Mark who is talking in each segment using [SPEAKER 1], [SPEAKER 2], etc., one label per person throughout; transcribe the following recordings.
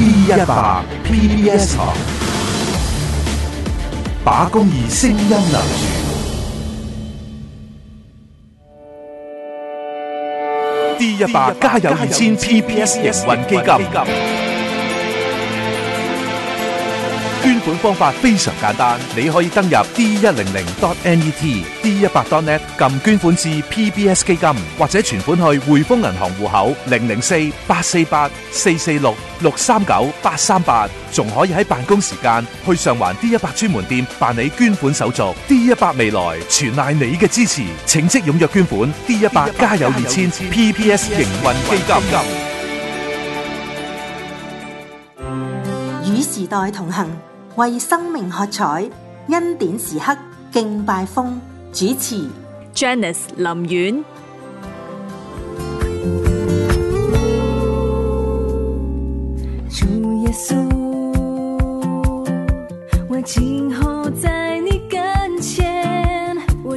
[SPEAKER 1] D100 PBS 台，把公義聲音留住。D100 加油二千 PBS 營運基金。方法非常簡單，你可以登入 d 一零零 .dot.net，d 一百 .dot.net，撳捐款至 PBS 基金或者存款去匯豐銀行戶口零零四八四八四四六六三九八三八，仲可以喺辦公時間去上環 D 一百專門店辦理捐款手續。D 一百未來全賴你嘅支持，請即踴躍捐款。D 一百加油二千，PBS 營運基金
[SPEAKER 2] 與時代同行。為生命喝彩，恩典時刻敬拜風。主持
[SPEAKER 3] ，Janice 林苑，
[SPEAKER 4] 主耶穌，我今後在你跟前，我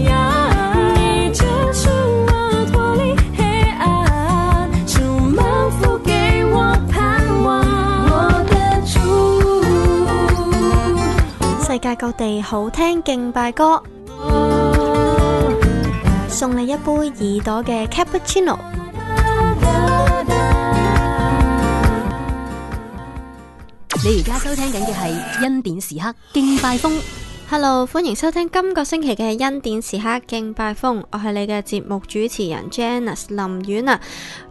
[SPEAKER 3] 世界各地好聽敬拜歌，送你一杯耳朵嘅 cappuccino。你而家收聽緊嘅係恩典時刻敬拜風。Hello，歡迎收聽今個星期嘅恩典時刻敬拜風，我係你嘅節目主持人 Janice 林婉啊、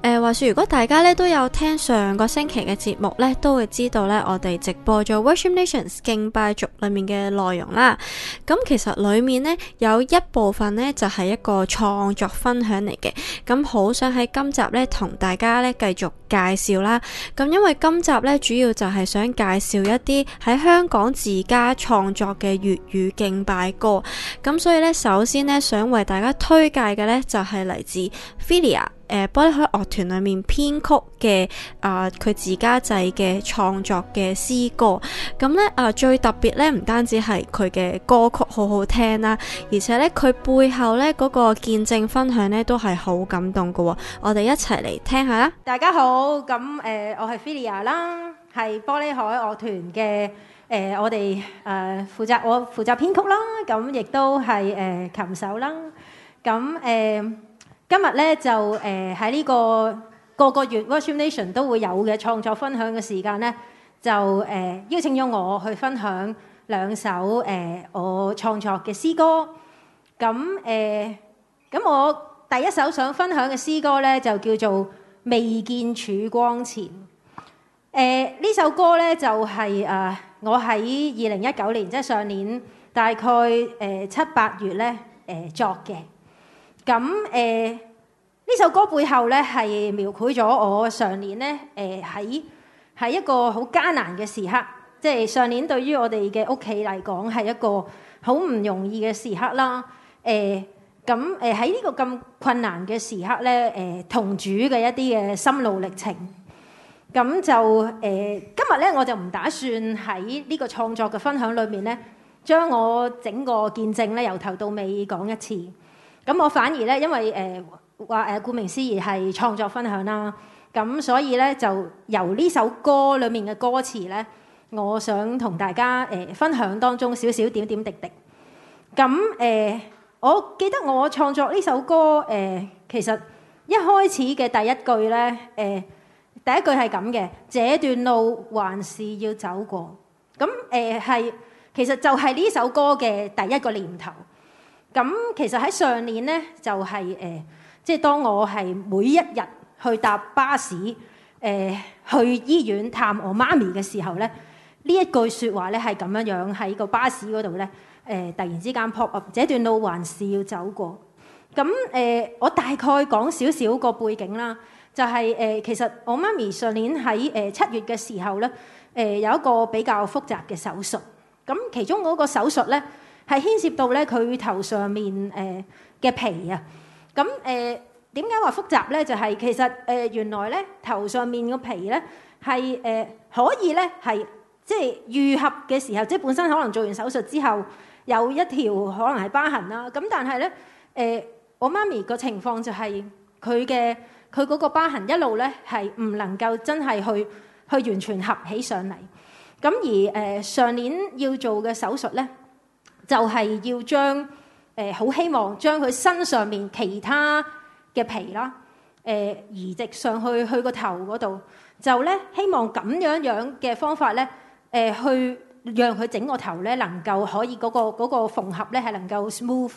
[SPEAKER 3] 呃。話說如果大家咧都有聽上個星期嘅節目咧，都會知道咧我哋直播咗 Worship Nations 敬拜族裏面嘅內容啦。咁其實裏面呢，有一部分呢，就係、是、一個創作分享嚟嘅，咁好想喺今集咧同大家咧繼續介紹啦。咁因為今集咧主要就係想介紹一啲喺香港自家創作嘅粵。語敬拜歌，咁所以咧，首先咧，想為大家推介嘅咧，就係、是、嚟自 Filia，誒、呃，玻璃海樂團裏面編曲嘅啊，佢、呃、自家製嘅創作嘅詩歌，咁咧啊，最特別咧，唔單止係佢嘅歌曲好好聽啦，而且咧，佢背後咧嗰、那個見證分享咧，都係好感動噶，我哋一齊嚟聽
[SPEAKER 2] 下啦。大家好，咁誒、呃，我係 Filia 啦，係玻璃海樂團嘅。誒，我哋誒負責我負責編曲啦，咁亦都係誒琴手啦。咁誒，今日咧就誒喺呢個個個月 recitation 都會有嘅創作分享嘅時間咧，就誒邀請咗我去分享兩首誒我創作嘅詩歌。咁誒，咁我第一首想分享嘅詩歌咧，就叫做《未見曙光前》。誒呢首歌咧，就係啊～我喺二零一九年，即係上年，大概誒七八月咧誒作嘅。咁誒呢首歌背後咧係描繪咗我上年咧誒喺喺一個好艱難嘅時刻，即係上年對於我哋嘅屋企嚟講係一個好唔容易嘅時刻啦。誒咁誒喺呢個咁困難嘅時刻咧誒同主嘅一啲嘅心路歷程。咁就誒、呃，今日咧我就唔打算喺呢個創作嘅分享裏面咧，將我整個見證咧由頭到尾講一次。咁我反而咧，因為誒話誒，顧、呃、名思義係創作分享啦。咁所以咧，就由呢首歌裏面嘅歌詞咧，我想同大家誒、呃、分享當中少少點點滴滴。咁誒、呃，我記得我創作呢首歌誒、呃，其實一開始嘅第一句咧誒。呃第一句係咁嘅，這段路還是要走過。咁誒係，其實就係呢首歌嘅第一個念頭。咁其實喺上年咧，就係、是、誒，即、呃、係、就是、當我係每一日去搭巴士誒、呃、去醫院探我媽咪嘅時候咧，呢一句説話咧係咁樣樣喺個巴士嗰度咧誒，突然之間 pop up，這段路還是要走過。咁誒、呃，我大概講少少個背景啦。就係、是、誒、呃，其實我媽咪上年喺誒七月嘅時候咧，誒、呃、有一個比較複雜嘅手術。咁其中嗰個手術咧，係牽涉到咧佢頭上面誒嘅、呃、皮啊。咁誒點解話複雜咧？就係、是、其實誒、呃、原來咧頭上面個皮咧係誒可以咧係即係愈合嘅時候，即、就、係、是、本身可能做完手術之後有一條可能係疤痕啦。咁但係咧誒我媽咪個情況就係佢嘅。佢嗰個疤痕一路咧係唔能夠真係去去完全合起上嚟，咁而誒上年要做嘅手術咧，就係要將誒好希望將佢身上面其他嘅皮啦誒移植上去去個頭嗰度，就咧希望咁樣樣嘅方法咧誒去讓佢整個頭咧能夠可以嗰個嗰個縫合咧係能夠 smooth，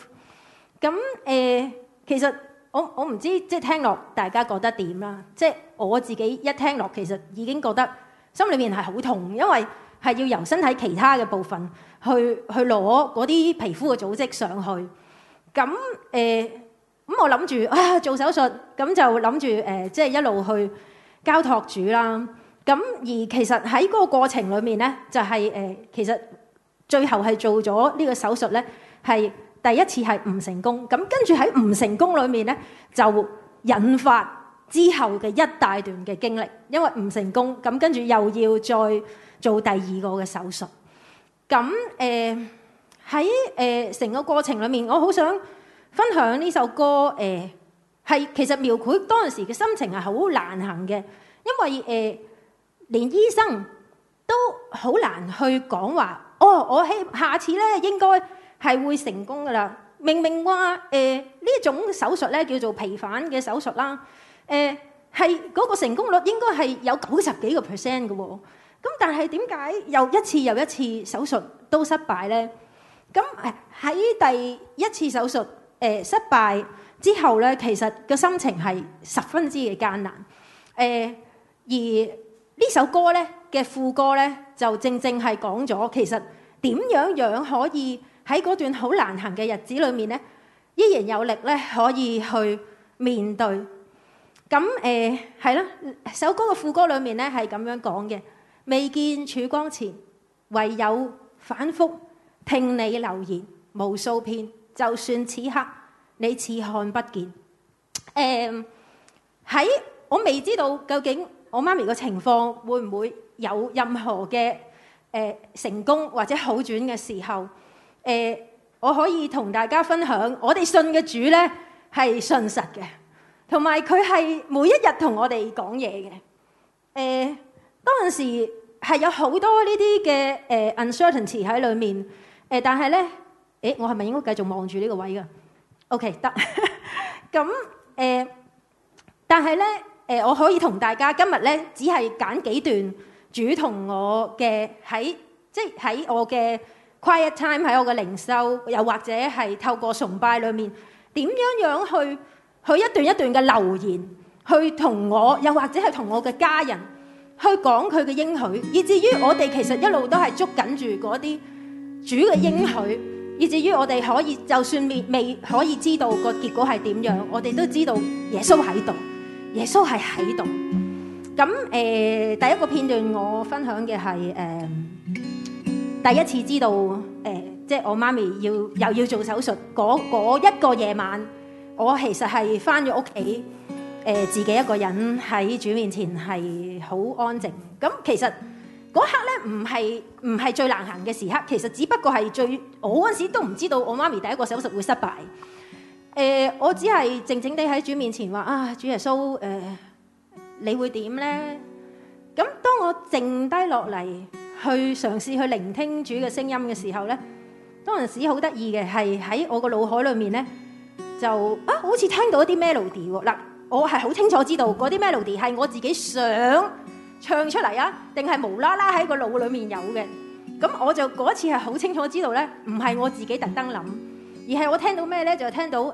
[SPEAKER 2] 咁誒其實。我我唔知即係聽落，大家覺得點啦？即係我自己一聽落，其實已經覺得心裏面係好痛，因為係要由身體其他嘅部分去去攞嗰啲皮膚嘅組織上去。咁誒咁，我諗住啊做手術，咁就諗住誒，即係一路去交託主啦。咁而其實喺嗰個過程裏面咧，就係誒，其實最後係做咗呢個手術咧，係。第一次係唔成功，咁跟住喺唔成功裏面咧，就引發之後嘅一大段嘅經歷。因為唔成功，咁跟住又要再做第二個嘅手術。咁誒喺誒成個過程裏面，我好想分享呢首歌誒，係其實描繪當時嘅心情係好難行嘅，因為誒連醫生都好難去講話。哦，我喺下次咧應該。係會成功噶啦！明明話誒呢種手術咧叫做皮瓣嘅手術啦，誒係嗰個成功率應該係有九十幾個 percent 嘅喎。咁但係點解又一次又一次手術都失敗咧？咁喺第一次手術誒失敗之後咧，其實個心情係十分之嘅艱難。誒而呢首歌咧嘅副歌咧，就正正係講咗其實點樣樣可以。喺嗰段好難行嘅日子裏面咧，依然有力咧可以去面對。咁誒係啦，首歌嘅副歌裏面咧係咁樣講嘅：未見曙光前，唯有反覆聽你留言無數遍，就算此刻你似看不見。誒、呃，喺我未知道究竟我媽咪個情況會唔會有任何嘅、呃、成功或者好轉嘅時候。誒、呃，我可以同大家分享我們，我哋信嘅主咧係信實嘅，同埋佢係每一日同我哋講嘢嘅。誒、呃，當時係有好多呢啲嘅誒、呃、uncertainty 喺裏面。誒、呃，但係咧，誒，我係咪應該繼續望住呢個位㗎？OK，得。咁 誒、呃，但係咧，誒、呃，我可以同大家今日咧，只係揀幾段主同我嘅喺，即係喺我嘅。Quiet time 喺我嘅靈修，又或者係透過崇拜裏面，點樣樣去去一段一段嘅留言，去同我，又或者係同我嘅家人，去講佢嘅應許，以至於我哋其實一路都係捉緊住嗰啲主嘅應許，以至於我哋可以就算未未可以知道個結果係點樣，我哋都知道耶穌喺度，耶穌係喺度。咁誒，第一個片段我分享嘅係誒。第一次知道，誒，即係我媽咪要又要做手術，嗰一個夜晚，我其實係返咗屋企，誒，自己一個人喺主面前係好安靜。咁其實嗰刻咧唔係唔係最難行嘅時刻，其實只不過係最我嗰時都唔知道我媽咪第一個手術會失敗。誒，我只係靜靜地喺主面前話啊，主耶穌，誒，你會點咧？咁當我靜低落嚟。去嘗試去聆聽主嘅聲音嘅時候咧，嗰陣時好得意嘅係喺我個腦海裡面咧，就啊好似聽到一啲 melody 喎、啊、嗱，我係好清楚知道嗰啲 melody 係我自己想唱出嚟啊，定係無啦啦喺個腦裡面有嘅。咁我就嗰次係好清楚知道咧，唔係我自己特登諗，而係我聽到咩咧就聽到誒，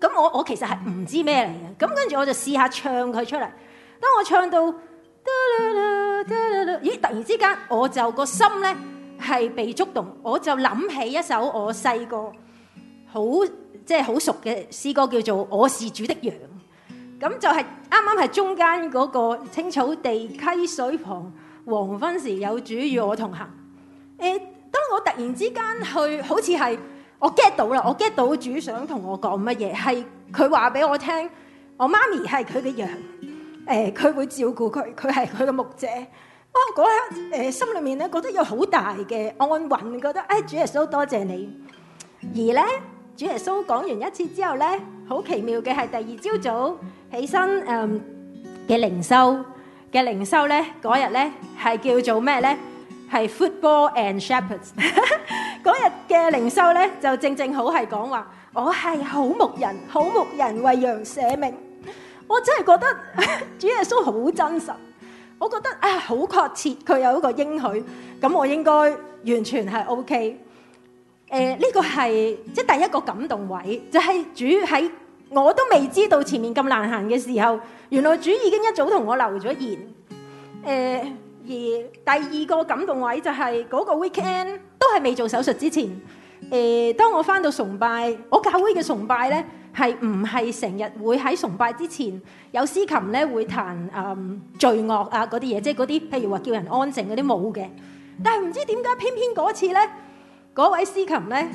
[SPEAKER 2] 咁、啊、我我其實係唔知咩嚟嘅。咁跟住我就試下唱佢出嚟。當我唱到咦，突然之間我就個心呢係被觸動，我就諗起一首我細個好即係好熟嘅詩歌，叫做《我是主的羊》。咁就係啱啱係中間嗰個青草地溪水旁，黃昏時有主與我同行。誒、呃，當我突然之間去，好似係我 get 到啦，我 get 到，到主想同我講乜嘢，係佢話俾我聽，我媽咪係佢嘅羊。誒、佢會照顧佢，佢係佢嘅牧者。哇！嗰刻誒，心裏面咧覺得有好大嘅安穩，覺得，誒，主耶穌多謝你。而咧，主耶穌講完一次之後咧，好奇妙嘅係第二朝早起身誒，嘅靈修嘅靈修咧，嗰日咧係叫做咩咧？係 Football and Shepherds。嗰日嘅靈修咧就正正好係講話，我係好牧人，好牧人為羊捨命。我真係覺得 主耶穌好真實，我覺得啊好確切，佢、哎、有一個應許，咁我應該完全係 O K。誒、呃、呢、這個係即係第一個感動位，就係、是、主喺我都未知道前面咁難行嘅時候，原來主已經一早同我留咗言。誒、呃、而第二個感動位就係、是、嗰、那個 weekend，都係未做手術之前。誒、呃、當我返到崇拜，我教會嘅崇拜咧。係唔係成日會喺崇拜之前有司琴咧，會彈誒、嗯、罪惡啊嗰啲嘢，即係嗰啲譬如話叫人安靜嗰啲舞嘅。但係唔知點解偏偏嗰次咧，嗰位司琴咧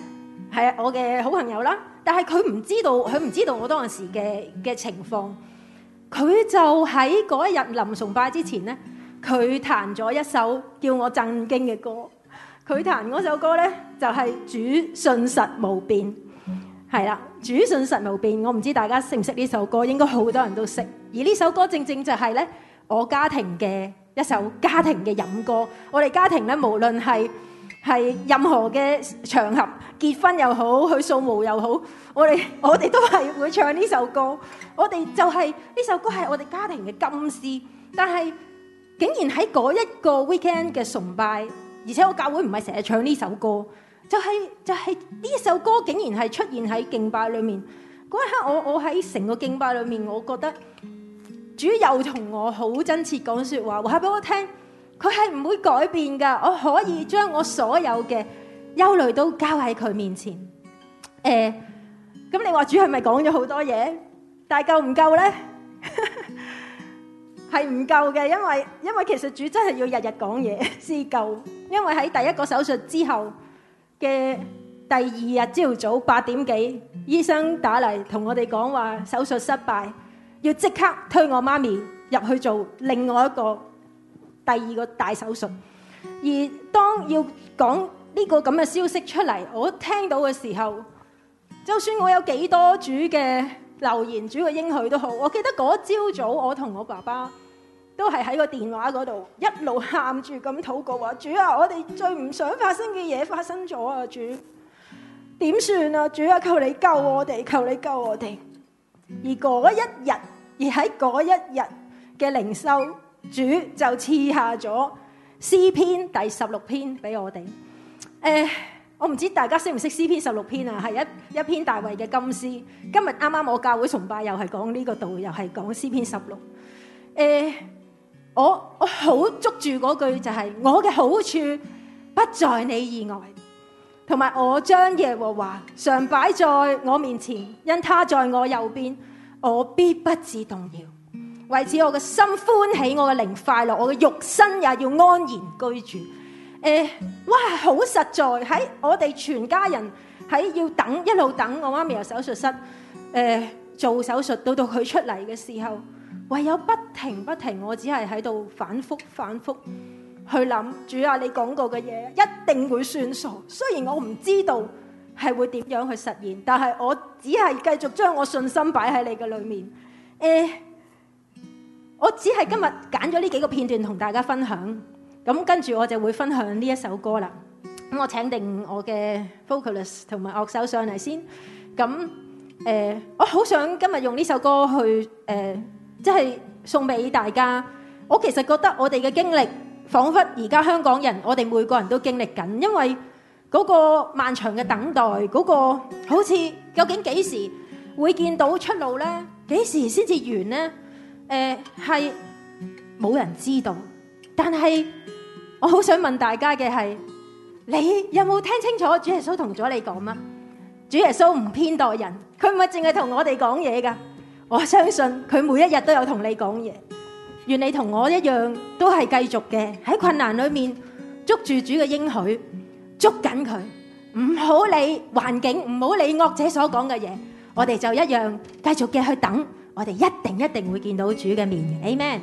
[SPEAKER 2] 係我嘅好朋友啦。但係佢唔知道，佢唔知道我當陣時嘅嘅情況。佢就喺嗰一日臨崇拜之前咧，佢彈咗一首叫我震驚嘅歌。佢彈嗰首歌咧，就係、是、主信實無變。係啦，主信實無變。我唔知大家識唔識呢首歌，應該好多人都識。而呢首歌正正就係咧，我家庭嘅一首家庭嘅飲歌。我哋家庭咧，無論係係任何嘅場合，結婚又好，去掃墓又好，我哋我哋都係會唱呢首歌。我哋就係呢首歌係我哋家庭嘅金絲，但係竟然喺嗰一個 weekend 嘅崇拜，而且我教會唔係成日唱呢首歌。就係就係呢首歌竟然係出現喺敬拜裏面嗰一刻，我我喺成個敬拜裏面，我覺得主又同我好真切講説話，話俾我聽，佢係唔會改變㗎，我可以將我所有嘅憂慮都交喺佢面前。誒，咁你話主係咪講咗好多嘢？但係夠唔夠呢？係唔夠嘅，因為因為其實主真係要日日講嘢先夠，因為喺第一個手術之後。嘅第二日朝早八點幾，醫生打嚟同我哋講話手術失敗，要即刻推我媽咪入去做另外一個第二個大手術。而當要講呢個咁嘅消息出嚟，我聽到嘅時候，就算我有幾多主嘅留言、主嘅應許都好，我記得嗰朝早我同我爸爸。都係喺個電話嗰度一路喊住咁禱告話：主啊，我哋最唔想發生嘅嘢發生咗啊！主，點算啊？主啊，求你救我哋，求你救我哋。而嗰一日，而喺嗰一日嘅靈修，主就賜下咗詩篇第十六篇俾我哋。誒，我唔知大家識唔識詩篇十六篇啊？係一一篇大衛嘅金詩。今日啱啱我教會崇拜又係講呢個道，又係講詩篇十六。誒。我我好捉住嗰句就係、是、我嘅好處不在你以外，同埋我將耶和華常擺在我面前，因他在我右邊，我必不至動搖。為此我嘅心歡喜，我嘅靈快樂，我嘅肉身也要安然居住。呃、哇！好實在喺我哋全家人喺要等一路等我媽咪入手術室、呃、做手術，到到佢出嚟嘅時候。唯有不停不停，我只係喺度反覆反覆去諗主啊！你講過嘅嘢一定會算數，雖然我唔知道係會點樣去實現，但係我只係繼續將我信心擺喺你嘅裏面。誒、欸，我只係今日揀咗呢幾個片段同大家分享，咁跟住我就會分享呢一首歌啦。咁我請定我嘅 vocalist 同埋樂手上嚟先。咁誒、欸，我好想今日用呢首歌去誒。欸即係送俾大家，我其實覺得我哋嘅經歷，彷彿而家香港人，我哋每個人都經歷緊，因為嗰個漫長嘅等待，嗰個好似究竟幾時會見到出路呢？幾時先至完呢？誒係冇人知道，但係我好想問大家嘅係，你有冇聽清楚主耶穌同咗你講乜？主耶穌唔偏待人，佢唔係淨係同我哋講嘢㗎。我相信佢每一日都有同你講嘢，願你同我一樣都係繼續嘅喺困難裏面捉住主嘅應許，捉緊佢，唔好理環境，唔好理惡者所講嘅嘢，我哋就一樣繼續嘅去等，我哋一定一定會見到主嘅面，Amen。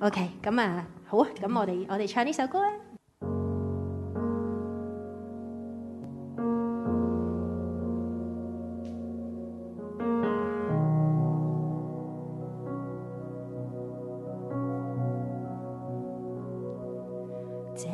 [SPEAKER 2] OK，咁啊，好啊，咁我哋我哋唱呢首歌啦。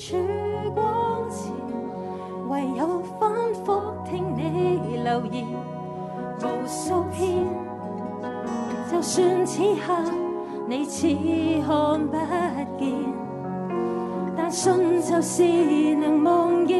[SPEAKER 4] 曙光前，唯有反覆聽你留言無數遍。就算此刻你似看不見，但信就是能望見。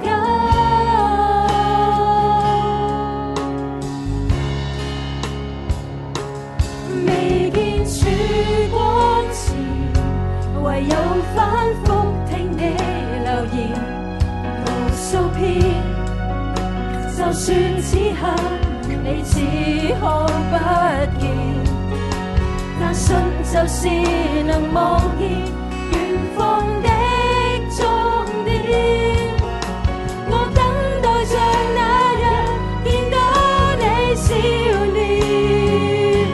[SPEAKER 4] 就算此刻你似看不見，但信就是能望見遠，遠方的終點。我等待着那日見到你笑臉，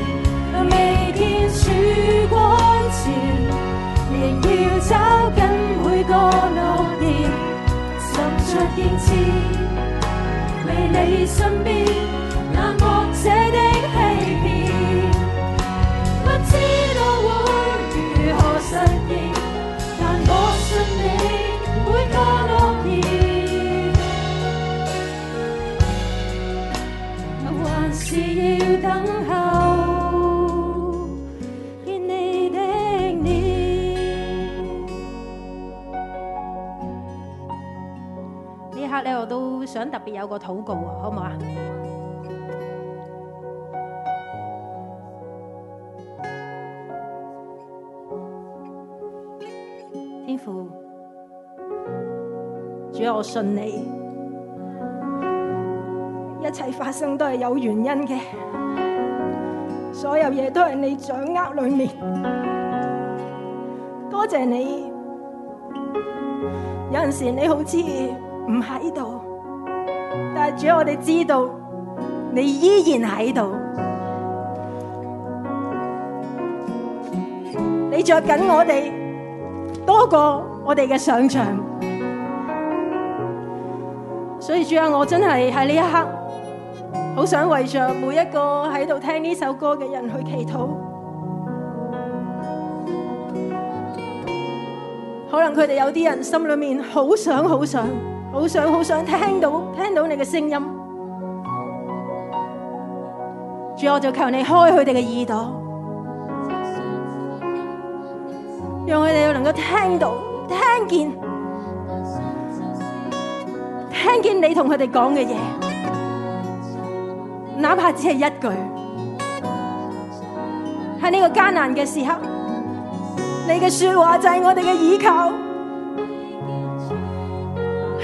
[SPEAKER 4] 未見曙光前，仍要抓緊每個路段，滲着熱切。你身邊。
[SPEAKER 2] 想特別有個禱告啊，好唔好啊？天父，主要我信你，一切發生都係有原因嘅，所有嘢都係你掌握裡面。多謝你，有陣時你好似唔喺度。但是主，要我哋知道你依然喺度，你着緊我哋多過我哋嘅想象所以主啊，我真係喺呢一刻好想為着每一個喺度聽呢首歌嘅人去祈禱。可能佢哋有啲人心裏面好想，好想。好想好想聽到聽到你嘅聲音，主，我就求你開佢哋嘅耳朵，讓佢哋能夠聽到、聽見、聽見你同佢哋講嘅嘢，哪怕只係一句。喺呢個艱難嘅時候，你嘅說話就係我哋嘅依靠。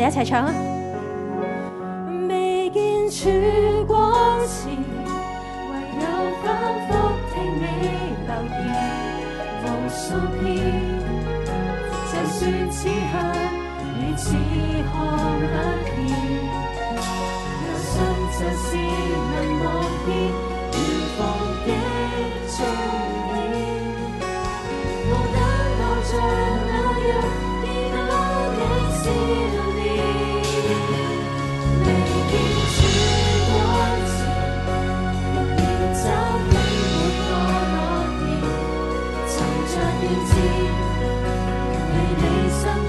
[SPEAKER 2] 我哋一齊唱啊！
[SPEAKER 4] 未見曙光前，唯有反覆聽你留言無數遍，就算此刻你似看不見，有信就是能磨練。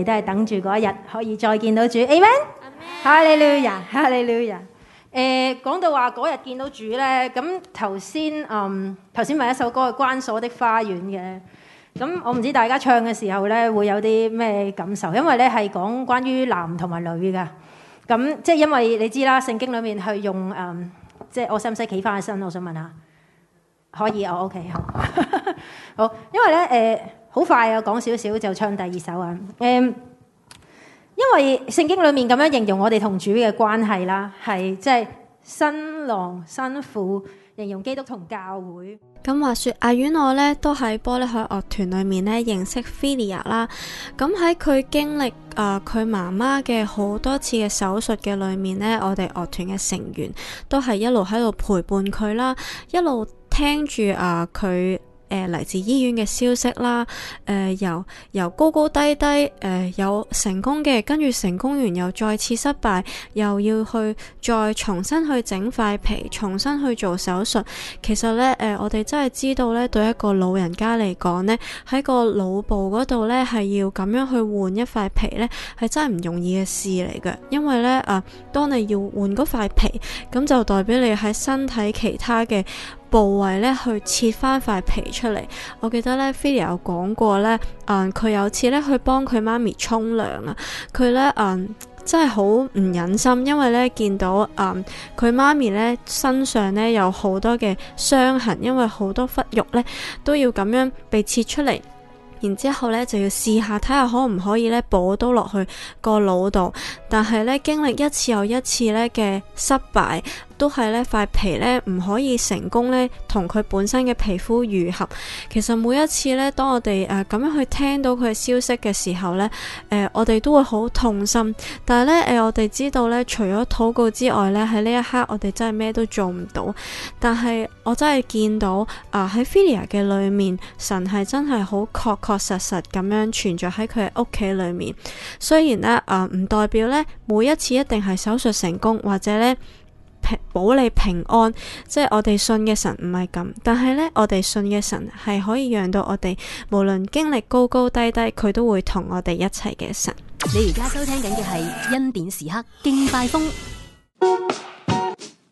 [SPEAKER 2] 你都係等住嗰一日可以再見到主，Amen。哈利路亞，哈利路亞。誒，講到話嗰日見到主咧，咁頭先，嗯，頭先咪一首歌係《關鎖的花園》嘅。咁我唔知大家唱嘅時候咧，會有啲咩感受？因為咧係講關於男同埋女噶。咁即係因為你知啦，聖經裏面去用誒，即係我使唔使企翻起身？我想問下，可以？我 OK，好。好，因為咧，誒。好快啊！我講少少就唱第二首啊、嗯！因為聖經
[SPEAKER 3] 裡面咁樣形容我哋同主嘅關係啦，係即係
[SPEAKER 2] 新郎新婦，形容基督同教會。
[SPEAKER 3] 咁話說，阿遠我呢都喺玻璃海樂團裏面呢認識菲尼亞啦。咁喺佢經歷啊佢媽媽嘅好多次嘅手術嘅裏面呢，我哋樂團嘅成員都係一路喺度陪伴佢啦，一路聽住啊佢。呃誒嚟自醫院嘅消息啦，誒、呃、由由高高低低，誒、呃、有成功嘅，跟住成功完又再次失敗，又要去再重新去整塊皮，重新去做手術。其實呢，誒、呃、我哋真係知道呢，對一個老人家嚟講呢，喺個腦部嗰度呢係要咁樣去換一塊皮呢，係真係唔容易嘅事嚟嘅。因為呢，誒、啊、當你要換嗰塊皮，咁就代表你喺身體其他嘅部位咧去切翻塊皮出嚟，我記得咧，Filly 有講過咧，嗯，佢有次咧去幫佢媽咪沖涼啊，佢咧，嗯，真係好唔忍心，因為咧見到，嗯，佢媽咪咧身上咧有好多嘅傷痕，因為好多骨肉咧都要咁樣被切出嚟，然之後咧就要試下睇下可唔可以咧補刀落去個腦度，但係咧經歷一次又一次咧嘅失敗。都係呢塊皮呢，唔可以成功呢，同佢本身嘅皮膚愈合。其實每一次呢，當我哋誒咁樣去聽到佢嘅消息嘅時候呢，誒、呃、我哋都會好痛心。但係呢，誒、呃、我哋知道呢，除咗禱告之外呢，喺呢一刻我哋真係咩都做唔到。但係我真係見到啊喺、呃、Filia 嘅裏面，神係真係好確確實實咁樣存在喺佢嘅屋企裏面。雖然呢，啊、呃、唔代表呢，每一次一定係手術成功或者呢。保你平安，即係我哋信嘅神唔係咁，但係呢，我哋信嘅神係可以讓到我哋無論經歷高高低低，佢都會同我哋一齊嘅神。
[SPEAKER 1] 你而家收聽緊嘅係
[SPEAKER 2] 恩
[SPEAKER 3] 典時刻敬拜風。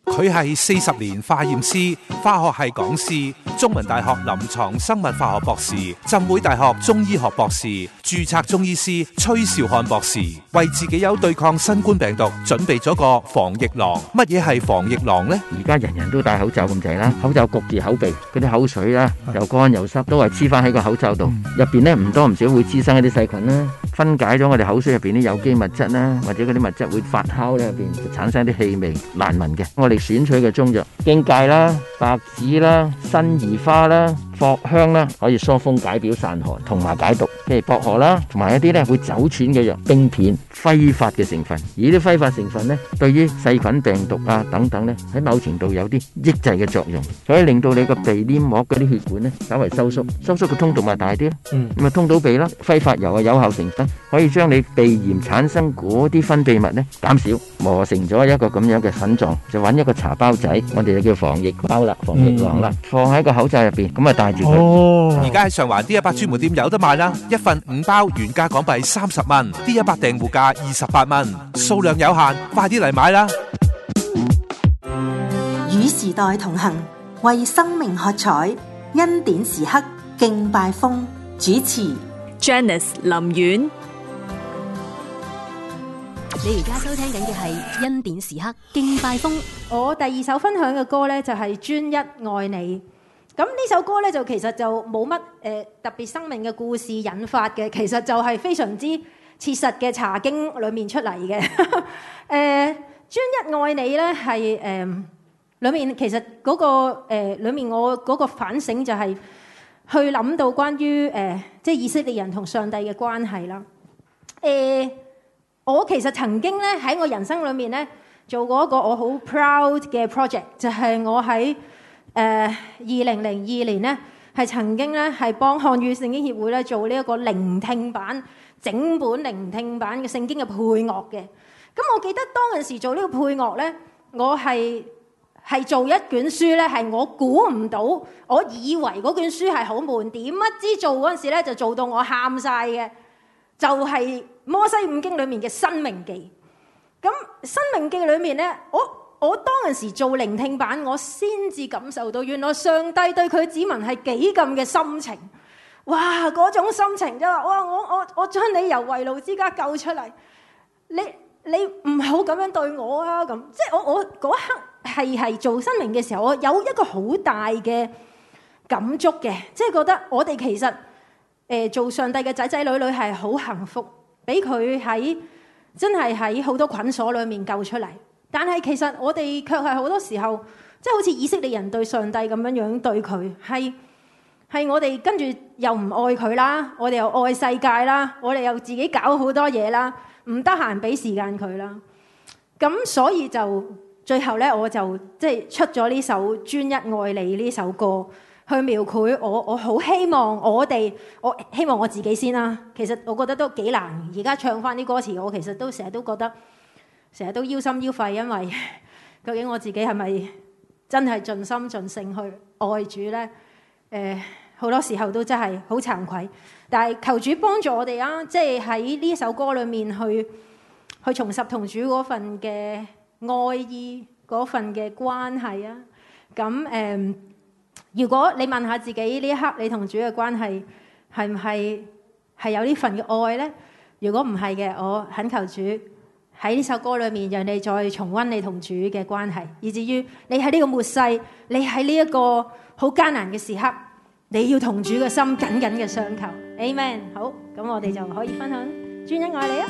[SPEAKER 1] 佢係四十年化驗師，化學系講師，中文大學臨牀生物化學博士，浸會大學中醫學博士，注冊中醫師崔紹漢博士，為自己有對抗新冠病毒準備咗個防疫囊。
[SPEAKER 5] 乜嘢係防疫囊呢？而家人人都戴口罩咁滯啦，口罩焗住口鼻，嗰啲口水啦，又乾又濕，都係黐翻喺個口罩度。入邊呢唔多唔少會滋生一啲細菌啦，分解咗我哋口水入邊啲有機物質啦，或者嗰啲物質會發酵咧入邊產生一啲氣味難聞嘅。我哋。選取嘅中藥，荊芥啦、白芷啦、辛夷花啦。薄香啦，可以疏風解表散寒，同埋解毒。譬如薄荷啦，同埋一啲咧會走竄嘅藥冰片，揮發嘅成分。而啲揮發成分咧，對於細菌、病毒啊等等咧，喺某程度有啲抑制嘅作用，所以令到你個鼻黏膜嗰啲血管咧，稍為收縮，收縮嘅通道咪大啲咯。嗯，咁咪通到鼻啦。揮發油嘅有效成分可以將你鼻炎產生嗰啲分泌物咧減少，磨成咗一個咁樣嘅粉狀，就揾一個茶包仔，我哋就叫防疫包啦，防疫囊啦，嗯、放喺個口罩入邊。咁啊，哦！而
[SPEAKER 1] 家喺上環 D100 專門店有得賣啦，一份五包原價港幣三十蚊，D100 訂戶價二十八蚊，數量有限，快啲嚟買啦！與時代
[SPEAKER 2] 同行，為生命喝彩，恩典時刻敬拜風，主
[SPEAKER 3] 持 Janice 林苑。
[SPEAKER 2] 你
[SPEAKER 3] 而家收聽緊嘅係恩典時刻
[SPEAKER 2] 敬拜風。我第二首分享嘅歌呢，就係專一愛你。咁呢首歌咧就其實就冇乜誒特別生命嘅故事引發嘅，其實就係非常之切實嘅查經裡面出嚟嘅。誒、呃、專一愛你咧係誒裡面其實嗰個誒、呃、裡面我嗰個反省就係去諗到關於誒即係以色列人同上帝嘅關係啦。誒、呃、我其實曾經咧喺我人生裡面咧做過一個我好 proud 嘅 project，就係我喺。誒，二零零二年咧，係曾經咧係幫漢語聖經協會咧做呢一個聆聽版整本聆聽版嘅聖經嘅配樂嘅。咁我記得當陣時做呢個配樂咧，我係係做一卷書咧，係我估唔到，我以為嗰卷書係好悶，點不知做嗰陣時咧就做到我喊晒嘅，就係摩西五經裡面嘅申命記。咁申命記裡面咧，我。我當陣時做聆聽版，我先至感受到，原來上帝對佢子民係幾咁嘅心情，哇！嗰種心情啫話，哇！我我我將你由為奴之家救出嚟，你你唔好咁樣對我啊！咁即係我我嗰刻係係做生命嘅時候，我有一個好大嘅感觸嘅，即係覺得我哋其實誒做上帝嘅仔仔女女係好幸福，俾佢喺真係喺好多捆鎖裏面救出嚟。但係其實我哋卻係好多時候，即係好似以色列人對上帝咁樣樣對佢，係係我哋跟住又唔愛佢啦，我哋又愛世界啦，我哋又自己搞好多嘢啦，唔得閒俾時間佢啦。咁所以就最後咧，我就即係出咗呢首《專一愛你》呢首歌，去描繪我我好希望我哋，我希望我自己先啦。其實我覺得都幾難，而家唱翻啲歌詞，我其實都成日都覺得。成日都腰心腰肺，因為究竟我自己係咪真係盡心盡性去愛主咧？誒、呃，好多時候都真係好慚愧。但係求主幫助我哋啊！即係喺呢首歌裏面去去重拾同主嗰份嘅愛意嗰份嘅關係啊！咁誒、呃，如果你問一下自己呢一刻你同主嘅關係係唔係係有份呢份嘅愛咧？如果唔係嘅，我懇求主。喺呢首歌裏面，讓你再重温你同主嘅關係，以至於你喺呢個末世，你喺呢一個好艱難嘅時刻，你要同主嘅心緊緊嘅相求。Amen。好，咁我哋就可以分享專一愛你啊！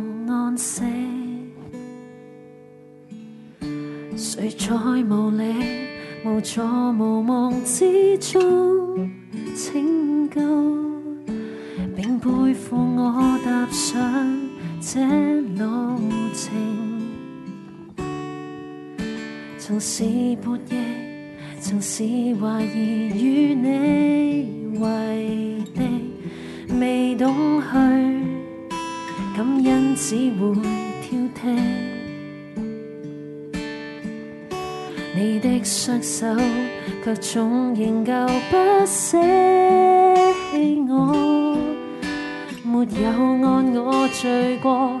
[SPEAKER 4] 在無理、無助、無望之中拯救，並背負我踏上這路程。曾是叛逆，曾是懷疑，與你為敵，未懂去感恩，只會挑剔。雙手，卻總仍舊不捨棄我。沒有愛我，醉過。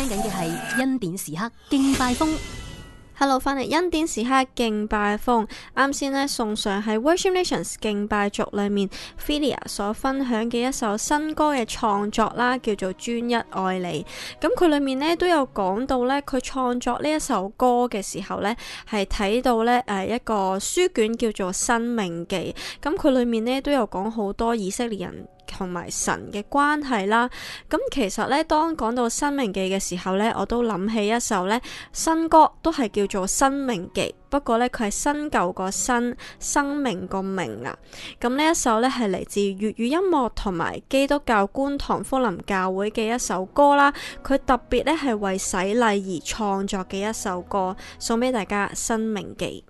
[SPEAKER 3] 聽緊嘅係恩典時刻敬拜風，Hello，翻嚟，恩典時刻敬拜風。啱先咧送上喺《worship nations 敬拜族》裏面 Philia 所分享嘅一首新歌嘅創作啦，叫做專一愛你。咁佢裏面咧都有講到咧，佢創作呢一首歌嘅時候咧，係睇到咧誒一個書卷叫做申命記。咁佢裏面咧都有講好多以色列人。同埋神嘅關係啦，咁其實咧，當講到《新命記》嘅時候咧，我都諗起一首咧新歌，都係叫做《新命記》，不過咧佢係新舊個新，生命個命啊！咁呢一首咧係嚟自粵語音樂同埋基督教觀塘福林教會嘅一首歌啦，佢特別咧係為洗禮而創作嘅一首歌，送俾大家《新命記》。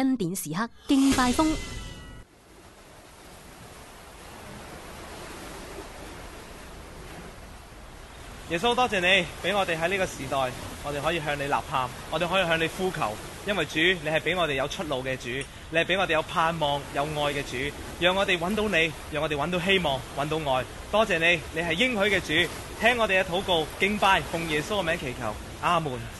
[SPEAKER 3] 恩典
[SPEAKER 4] 時刻敬拜風。
[SPEAKER 6] 耶穌，多謝你俾我哋喺呢個時代，我哋可以向你吶喊，我哋可以向你呼求，因為主你係俾我哋有出路嘅主，你係俾我哋有盼望、有愛嘅主，讓我哋揾到你，讓我哋揾到希望、揾到愛。多謝你，你係應許嘅主，聽我哋嘅禱告，敬拜奉耶穌嘅名祈求，阿門。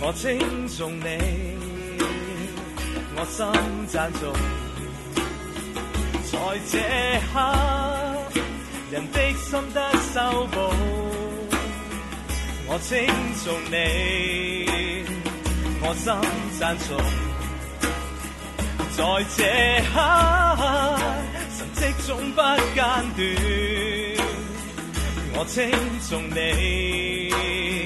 [SPEAKER 6] 我稱頌你，我心讚頌，在這刻，人的心得修補。我稱頌你，我心讚頌，在這刻，神跡總不間斷。我稱頌你。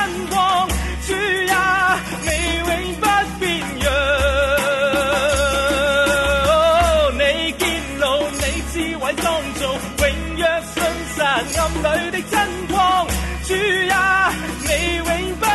[SPEAKER 6] 真光，主啊，你永不變樣。Oh，你堅路，你智慧當做，當作永約信實。暗裏的真光，主啊，你永不。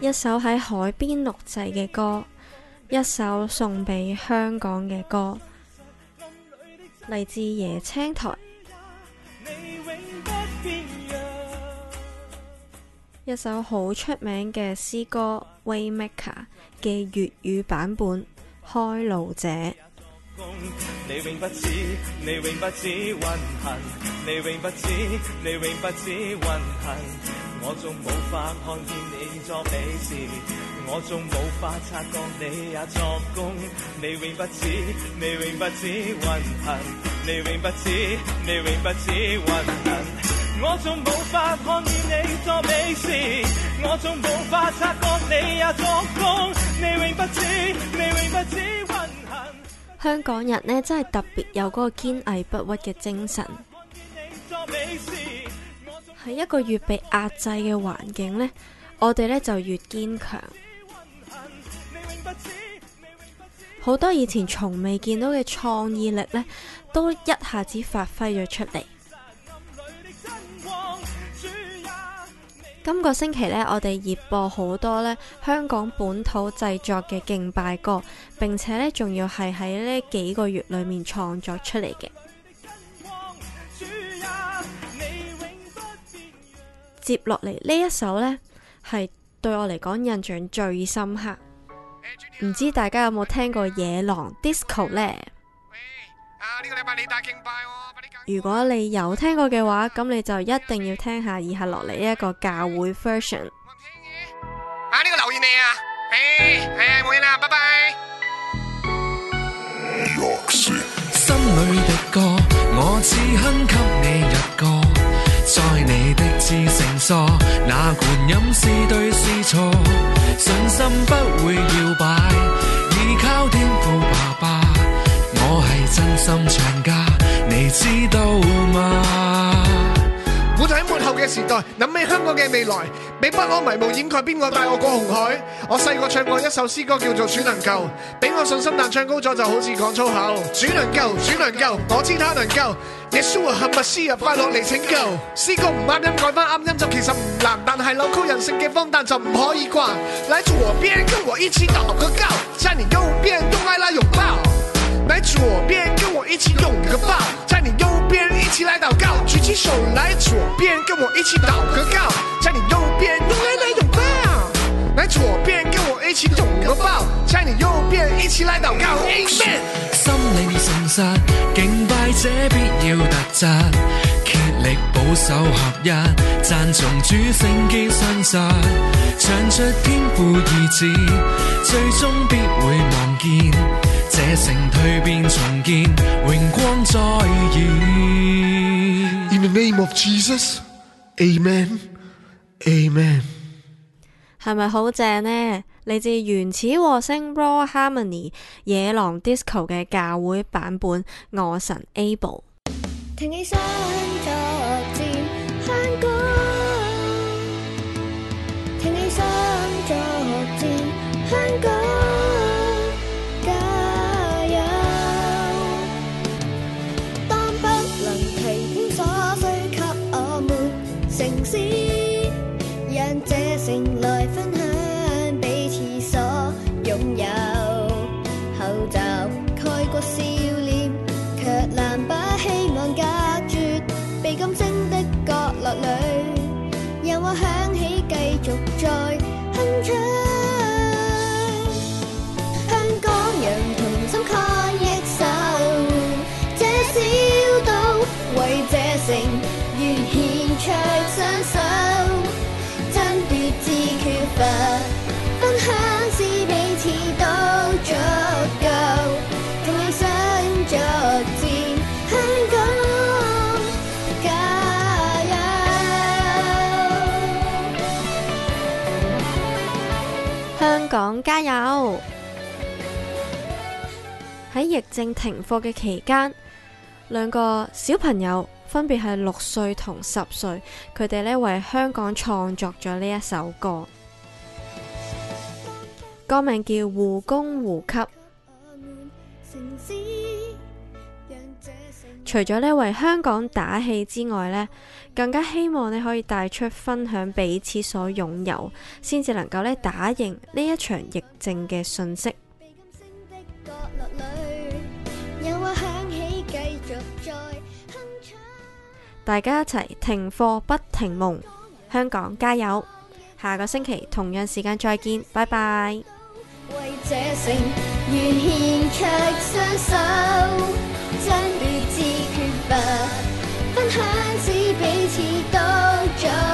[SPEAKER 6] 一
[SPEAKER 3] 首喺海邊錄製嘅歌，一首送俾香港嘅歌，嚟自椰青台。
[SPEAKER 6] 一
[SPEAKER 3] 首好出名嘅詩歌《Waymaker》嘅粵語版本《開路者》。
[SPEAKER 6] 你永不止，你永不止運行。你永不止，你永不止運行。我縱無法看見你作美事，我縱無法察覺你也作工。你永不止，你永不止運行。你永不止，你永不止運行。我縱無法看見你作美事，我縱無法察覺你也作工。你永不止，你永不止運。
[SPEAKER 3] 香港人呢真係特別有嗰個堅毅不屈嘅精神，
[SPEAKER 6] 喺
[SPEAKER 3] 一個越被壓制嘅環境呢，我哋呢就越堅強。好多以前從未見到嘅創意力呢，都一下子發揮咗出嚟。今個星期呢，我哋熱播好多呢香港本土製作嘅敬拜歌，並且呢仲要係喺呢幾個月裏面創作出嚟嘅。接落嚟呢一首呢，係對我嚟講印象最深刻。唔知大家有冇聽過《野狼 DISCO》呢？如果你有聽過嘅話，咁你就一定要聽下以下落嚟呢一個教會 version。
[SPEAKER 1] 啊呢個留意你啊，誒，係啊冇嘢啦，拜拜。心裏的歌，我只肯給你一個，在你的知性所，那灌音是對是錯，信心不會搖擺，依靠天父爸爸。真心長假，你知道嗎？我睇末後嘅時代，諗起香港嘅未來，你不安迷霧掩蓋，邊個帶我過紅海？我細個唱過一首詩歌，叫做《主能夠》，俾我信心，但唱高咗就好似講粗口。主能夠，主能夠，我知他能夠。耶穌啊，啟示啊，快樂嚟拯救。詩歌唔啱音，改翻啱音就其實唔難，但係扭曲人性嘅荒誕就唔可以掛。來左邊，跟我一起禱個告，在年右邊用愛來擁抱。來左邊，跟我一起擁個抱；在你右邊，一起來禱告。舉起手來左邊，跟我一起禱個告；在你右邊，勇敢來擁抱。來左邊，跟我一起擁個抱；在你右邊，一,一起來禱告、Amen。心靈誠實，敬拜者必要突襲，竭力保守合一，讚頌主聖潔身世，唱出天賦意志，最終必會望見這城蛻變重建，榮光再現。In the name of Jesus, amen, amen。
[SPEAKER 3] 係咪好正呢？嚟自原始和聲 Raw Harmony 野狼 Disco 嘅教會版本《我神 Able》。講加油！喺疫症停課嘅期間，兩個小朋友分別係六歲同十歲，佢哋呢為香港創作咗呢一首歌，歌名叫《護工護級》。除咗呢，為香港打氣之外呢，更加希望你可以帶出分享彼此所擁有，先至能夠呢打贏呢一場疫症嘅信息。大家一齊停課不停夢，香港加油！下個星期同樣時間再見，拜拜。為這
[SPEAKER 7] 相別之缺乏，分享使彼此都足。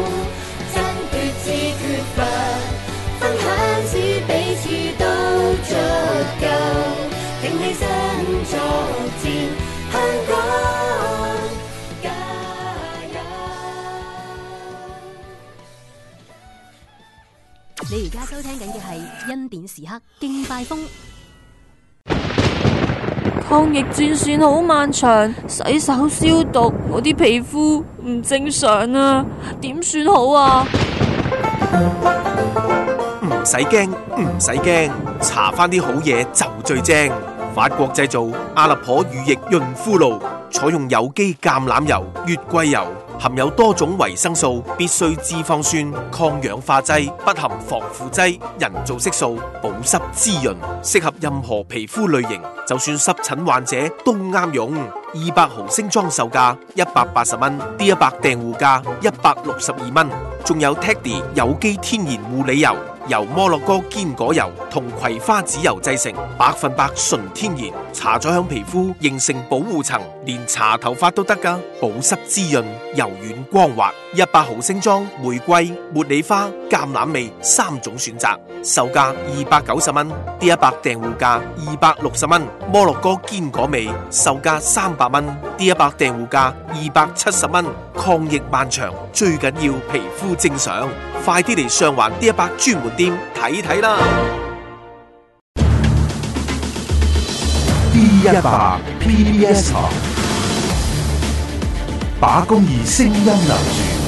[SPEAKER 2] 收聽緊嘅係恩典
[SPEAKER 4] 時刻敬拜風。
[SPEAKER 3] 抗疫戰線好漫長，洗手消毒，我啲皮膚唔正常啊，點算好啊？
[SPEAKER 5] 唔使驚，唔使驚，搽翻啲好嘢就最正。法國製造阿勒婆乳液潤膚露，採用有機橄欖油、月桂油。含有多種維生素、必需脂肪酸、抗氧化劑，不含防腐劑、人造色素，保濕滋潤，適合任何皮膚類型，就算濕疹患者都啱用。二百毫升裝售價一百八十蚊，D 一百訂戶價一百六十二蚊，仲有 Teddy 有機天然護理油，由摩洛哥堅果油同葵花籽油製成，百分百純天然，搽咗響皮膚形成保護層，連搽頭髮都得噶，保濕滋潤油軟光滑，一百毫升裝，玫瑰、茉莉花、橄欖味三種選擇，售價二百九十蚊。D 一百訂戶價二百六十蚊，摩洛哥堅果味，售價三百蚊。D 一百訂戶價二百七十蚊。抗疫漫長，最緊要皮膚正常，快啲嚟上環 D 一百專門店睇睇啦
[SPEAKER 1] ！D 一百 PDS
[SPEAKER 4] 把公義聲音留住。